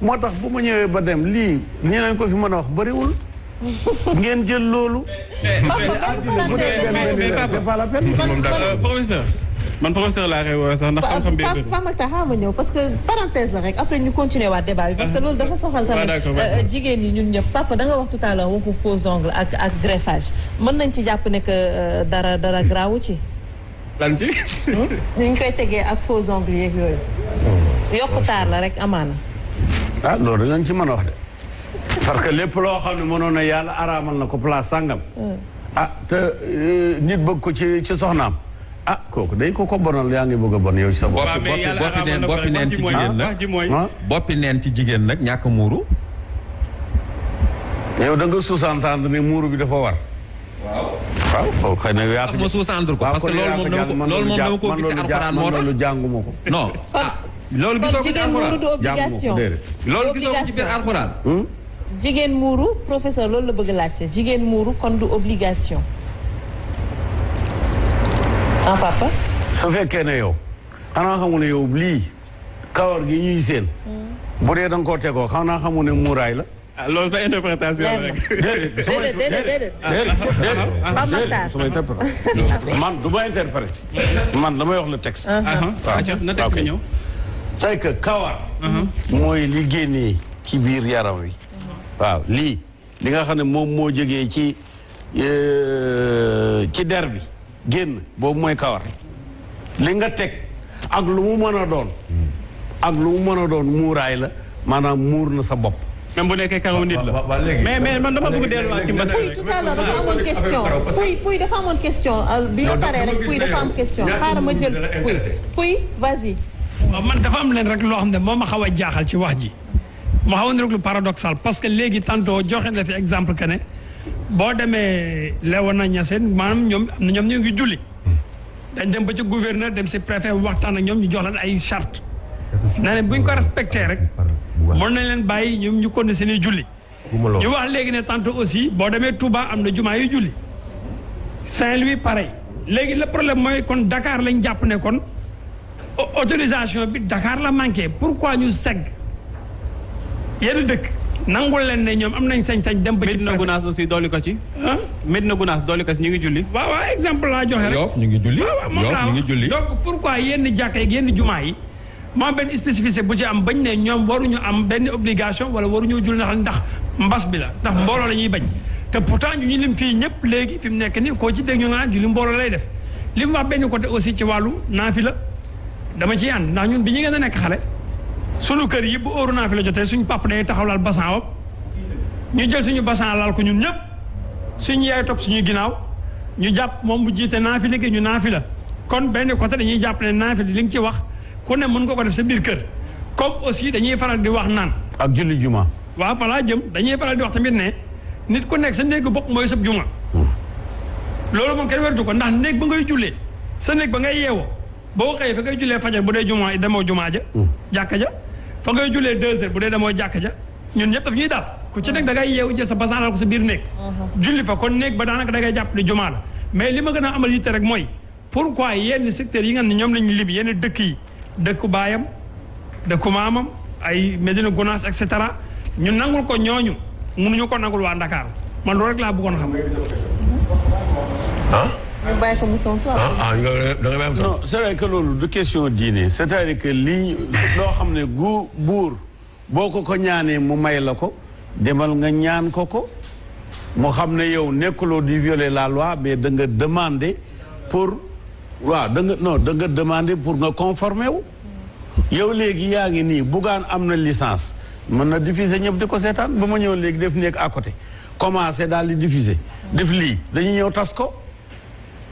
moo tax bu ma ñëwee ba dem lii ñu leen ko fi mën a wax bëriwul. ngeen jël loolu. professeur man professeur laa koy sax ndax xam-xam bee bëri. Pa Pa xaama ñëw parce que parenthèse la rek après ñu continuer waat débat bi. parce que loolu dafa soxal tamit euh, jigéen ñi ñu ñëpp. papa da nga wax tout à l'heure waxu faux ongle ak ak greffage mën nañ ci jàpp ne que euh, dara dara graawu ci. lan ci. Hmm? ni ñu koy tegee ak faux ongle yeeg yooyu. yokku taar la rek amaana. ah loolu dañ ci mën a wax de parce que lépp loo xam ne mënoon na yàlla araamal na ko place sàngam hmm. ah te eh, nit bëgg ko ci ci soxnaam ah kooku day ko ko bonal yaa ngi bëgg a bon yow ci sa bopp boppi neen boppi neen ci jigéen nag boppi neen ci jigéen nag ñàkk muuru yow da nga sous-entendre muuru bi dafa war waaw waaw xëy na yaa ko ah, ma sous-entendre ko parce que loolu moom dama ko loolu moom dama ko gis alxuraan moo tax non ah. Ah. loolu gisoo ko ci alxuraan obligation hmm? jigéen muuru professeur loolu la bëgg laajte jigéen muuru kon du obligation ah papa su fekkee ne yow xanaa xamu ne yow lii kawar gi ñuy seen hmm. bu dee da nga koo tegoo xanaa xamu ne muuraay la ah loolu sa interprétation rek. déedéet déedéet déedéet ah, ah, ah. man du ma man damay wax le texte. ah na texte ñëw. c'est que kawar mhm. mooy li génnee ci biir yaram wi mhm. waaw lii li nga xam ne moom moo jógee ci e, ci der bi génn boobu mooy kawar li nga teg ak lu mu mën a doon mhm. ak lu mu mën a doon muuraay la maanaam muur na sa bopp même bu nekkee karaw nit la dafa amoon question euh, bi nga paree rek puy dafa am question xaaral ma jël puy puy vas waaw man dafa am leen rek loo xam ne moo ma xaw a jaaxal ci wax ji ma xaw a rek lu paradoxal parce que léegi tantôt joxe na fi exemple que boo demee Léona Niassène maanaam ñoom am na ñoom ñu ngi julli dañ dem ba ci gouverneur dem si préfet waxtaan ak ñoom ñu jox leen ay charte na ne buñ ko respecté rek mën nañ leen bàyyi ñoom ñu continuer seen i julli ñu wax léegi ne tantôt aussi boo demee Touba am na jumaa yu julli Saint-Louis pareil léegi le problème mooy kon Dakar lañ jàpp ne kon autorisation bi dakaar la manqué pourquoi ñu segg yenn dëkk nangul leen ne ñoom am nañ sañ-sañ dem ba ci Medina Gunaas aussi dooli ko ci ah Medina Gunaas dooli ñu ngi julli waaw waaw exemple laa joxe rek Yoff ñu ngi julli waaw moom laa wax donc pourquoi yenn jàkka yi yenn jumaa yi moo benn spécificité bu ci am bañ ne ñoom waruñu am benn obligation wala waruñoo julli ndax ndax mbas bi la ndax mbooloo la ñuy bañ te pourtant ñu ñu lim fii ñëpp léegi fi mu nekk nii koo ci dégg ñu nga julli mbooloo lay def li mu wax benn côté ci wàllu naafila dama ciy ànd ndax ñun bi ñu gën a nekk xale sunu kër yi bu óoru naa fi la jotee suñu pàpp dañuy taxaw laal basan wam ñu jël suñu basan laal ko ñun ñëpp suñu yaay topp suñuy ginnaaw ñu jàpp moom mu jiite naa fi léegi ñu naa fi la kon benn côté dañuy jàpp ne naa fi li nga ci wax ku ne mën nga ko def sa biir kër comme aussi dañuy faral di wax naan ak julli juma waaw falaa jëm dañuy faral di wax tamit ne nit ku nekk sa néegu bopp mooy sab juma hmm. loolu moom kenn wertu ko ndax néeg ba ngay jullee sa néeg ba ngay yeewoo boo xëyee fa ngay jullee fajar bu dee jumaa yi demoo jumaa ja mm. jàkka ja fa ngay jullee deux bu dee demoo jàkk ja ñun ñëpp daf ñuy daal ku ci nekk da ngay yeewu jël sa basaanal ko sa biir néeg uh-huh. julli fa kon néeg ba daanaka da ngay jàpp ni jumaa la mais li ma gën a amal yitte rek mooy pourquoi yenn secteurs yi nga xam ne ñoom lañu lim yenn dëkk yi dëkku baayam dëkku maamam ay Medina Gounass et cetera ñu nangul ko ñooñu mënuñu ko nangul waa ndakaar man loolu rek laa bëggoon xam ñu bàyyi ko mu tontu da ah, ah, nga bàyyi non c'est vrai que loolu du question diine c'est-à-dire que lii loo xam ne gu buur boo ko ko ñaanee mu may la ko demal nga ñaan ko ko mu xam ne yow nekkuloo di violer la loi mais da nga pour waaw da nga non demande pour nga conformer wu yow léegi yaa ngi nii bugaan am na licence mën na diffuser ñëpp di ko seetaan ba ma ñëw léegi def nekk à côté commencé daal di diffuser def lii dañu ñëw tas ko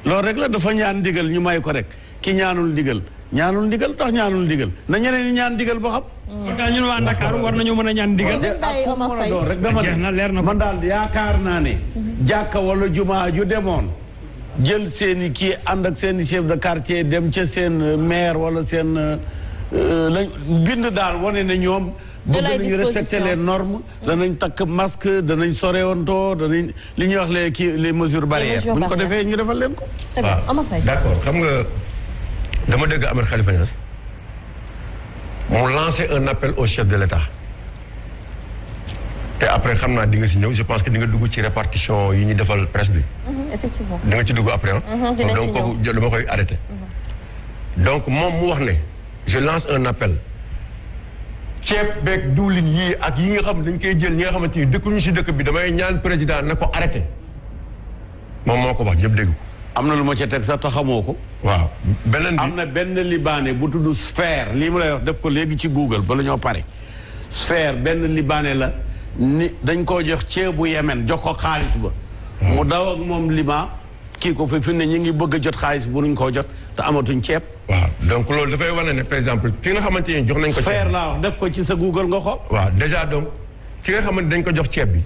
loolu rek la dafa ñaan ndigal ñu may ko rek ki ñaanul ndigal ñaanul ndigal tax ñaanul ndigal na ñeneen ñi ñaan ndigal ba xam. Mm. kon daal ñun waa war nañoo mën a ñaan ndigal. waaw rek dama ne man daal yaakaar naa ne. jàkka wala jumaa ju demoon. jël seen i kii ànd ak seen i chef de quartier dem ca seen maire wala seen euh, lañ bind daal wane ne ñoom. de la disposition bëgg nañu respecter les normes. danañ takk masque danañ sorewantoo danañ li ñuy wax les kii les mesures barrières bu ñu ko defee ñu defal leen ko. waaw d'accord xam nga dama dégg Ahmed Khalifa Niass mu lancé un appel au chef de l'État te après xam naa di nga si ñëw je pense que di nga dugg ci répartition yi ñu defal presse bi. Mm-hmm. effectivement di ci dugg après ah. Mm-hmm. dinañ ci donc koy arrêté. Mm-hmm. donc moom mu wax ne je lance un appel. ceeb beeg diwlin yii ak yi nga xam dañ koy jël ñi nga xamante ni dëkkuñu si dëkk bi damay ñaan président ne ko arrêté moom moo ko wax ñëpp dégg am na lu ma ca teg sax te ko. waaw beneen bi am na benn libaane bu tudd Sphère lii mu lay wax def ko léegi ci Google ba la ñoo pare. Sphère benn libaane la ni dañ koo jox ceebu Yemen jox ko xaalis ba. mu daw ak moom liban kii ko fi fi ne ngi bëgg a jot xaalis bunuñ koo jot te amatuñ ceeb. waaw donc loolu dafay wane ne par exemple ki nga xamante ne jox nañ ko. ceeb faire la wax def ko ci sa Google nga xool. waaw déjà donc ki nga xamante dañ ko jox ceeb bi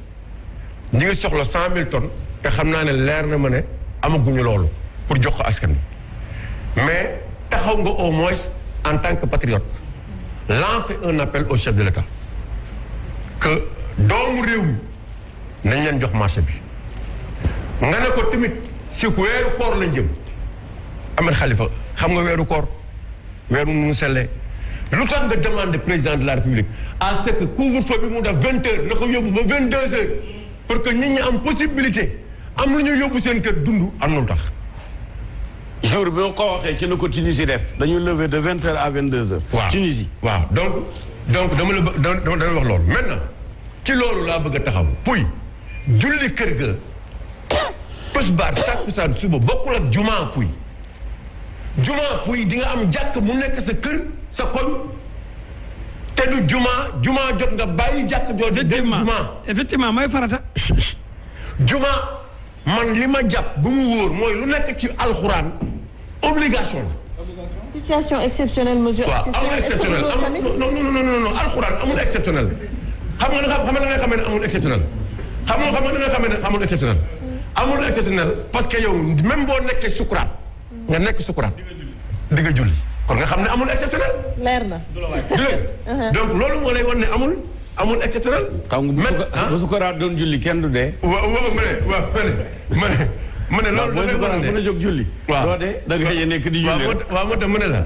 ñu ngi soxla cent mille tonnes te xam naa ne leer na ma ne amaguñu loolu pour jox ko askan bi mais taxaw nga au moins en tant que patriote lancer un appel au chef de l'État que doomu réew mi nañ leen jox marché bi nga ne ko tamit. si weeru koor lañ jëm Ahmed xalifa xam nga weeru koor weeru nu mu sellee lu tax nga demande président de la république à ce que couvre-feu bi mu def vingt heures na ko yóbbu ba vingt deux heures parce que nit ñi am possibilité am lu ñu yóbbu seen kër dund am na lu tax. jour bi nga ko waxee ci la ko Tunisie def dañuy lever de vingt heures à vingt deux heures. waaw waaw donc donc dama la dama dama wax loolu maintenant ci loolu laa bëgg a taxaw. puy julli kër ga. Tisbaar takkusaan suba bokkul ak jumaa jumaa puy di nga am jàkk mu nekk sa kër sa koñ te du jumaa jumaa jot nga bàyyi jàkk jooju dem jumaa effectivement mooy farata jumaa man li ma jàpp bu mu wóor mooy lu nekk ci alxuraan obligation la situation exceptionnelle mesure exceptionnelle waaw amul exceptionnel non non non alxuraan exceptionnel xam nga xam nga da exceptionnel xam nga da nga xamee ne amul exceptionnel amul exceptionnel parce que yow même boo nekkee sukuraat nga nekk sukuraat di nga julli kon nga xam ne amul exceptionnel. leer na uh-huh. donc loolu moo lay wan ne amul amul exceptionnel. xam nga bu ah? sukuraat doon julli kenn du dee. waaw waaw ne waaw ma loolu dafay war a dee mën ma ne la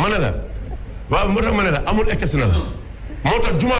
ma ne la waaw moo tax ma ne la amul exceptionnel moo tax juma.